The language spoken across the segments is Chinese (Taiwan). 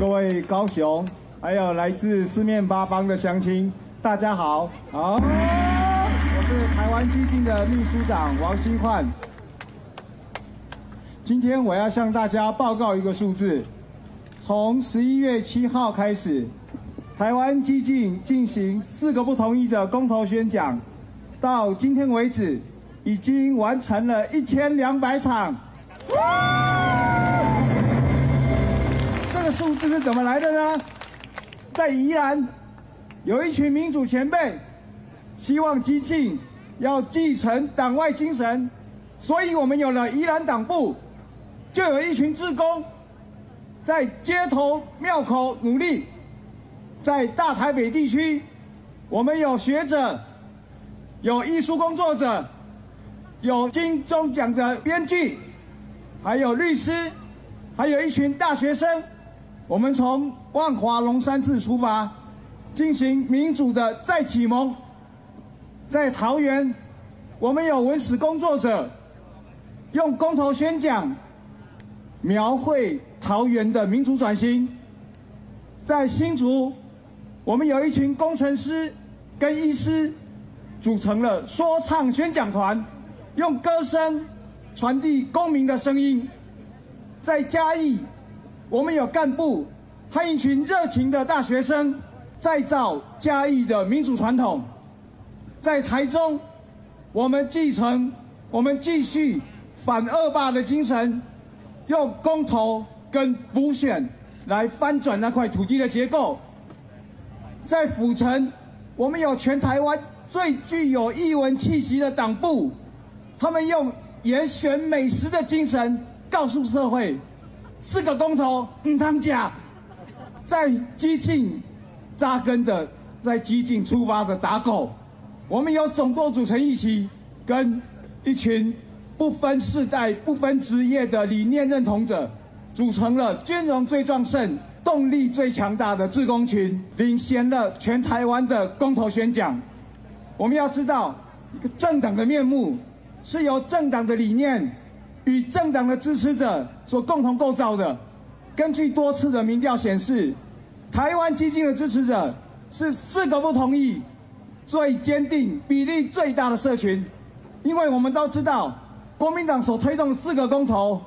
各位高雄，還有來自四面八方的鄉親，大家好，好，我是台灣基進的秘書長王興煥。今天我要向大家報告一個數字，從十一月七號開始，台灣基進進行四個不同意的公投宣講，到今天為止，已經完成了一千兩百場。哇數字是怎麼來的呢？在宜蘭，有一群民主前輩，希望基進，要繼承黨外精神，所以我們有了宜蘭黨部，就有一群志工，在街頭廟口努力。在大台北地區，我們有學者，有藝術工作者，有金鐘獎的編劇，還有律師，還有一群大學生。我們從萬華龍山寺出發，進行民主的再啟蒙。在桃園，我們有文史工作者用公投宣講，描繪桃園的民主轉型。在新竹，我們有一群工程師跟醫師組成了說唱宣講團，用歌聲傳遞公民的聲音。在嘉義。我們有幹部，和一群熱情的大學生，再造嘉義的民主傳統。在台中，我們繼承，我們繼續反惡霸的精神，用公投跟補選來翻轉那塊土地的結構。在府城，我們有全台灣最具有藝文氣息的黨部，他們用嚴選美食的精神，告訴社會。四個公投，五趟家在基進扎根的，在基進出發的打狗，我們有總多組成一起，跟一群不分世代、不分職業的理念認同者，組成了軍容最壯盛、動力最強大的志工群，領先了全台灣的公投宣講。我們要知道，一個政黨的面目，是由政黨的理念。與政黨的支持者所共同構造的。根據多次的民調顯示，台灣基進的支持者是四個不同意、最堅定比例最大的社群。因為我們都知道，國民黨所推動四個公投，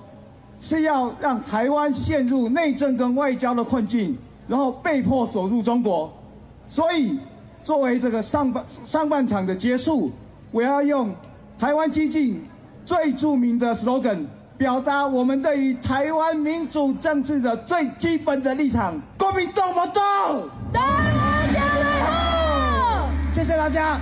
是要讓台灣陷入內政跟外交的困境，然後被迫鎖入中國。所以，作為這個上半上半場的結束，我要用台灣基進最著名的 slogan，表達我們對於台灣民主政治的最基本的立場：國民黨不倒，台灣加油！謝謝大家。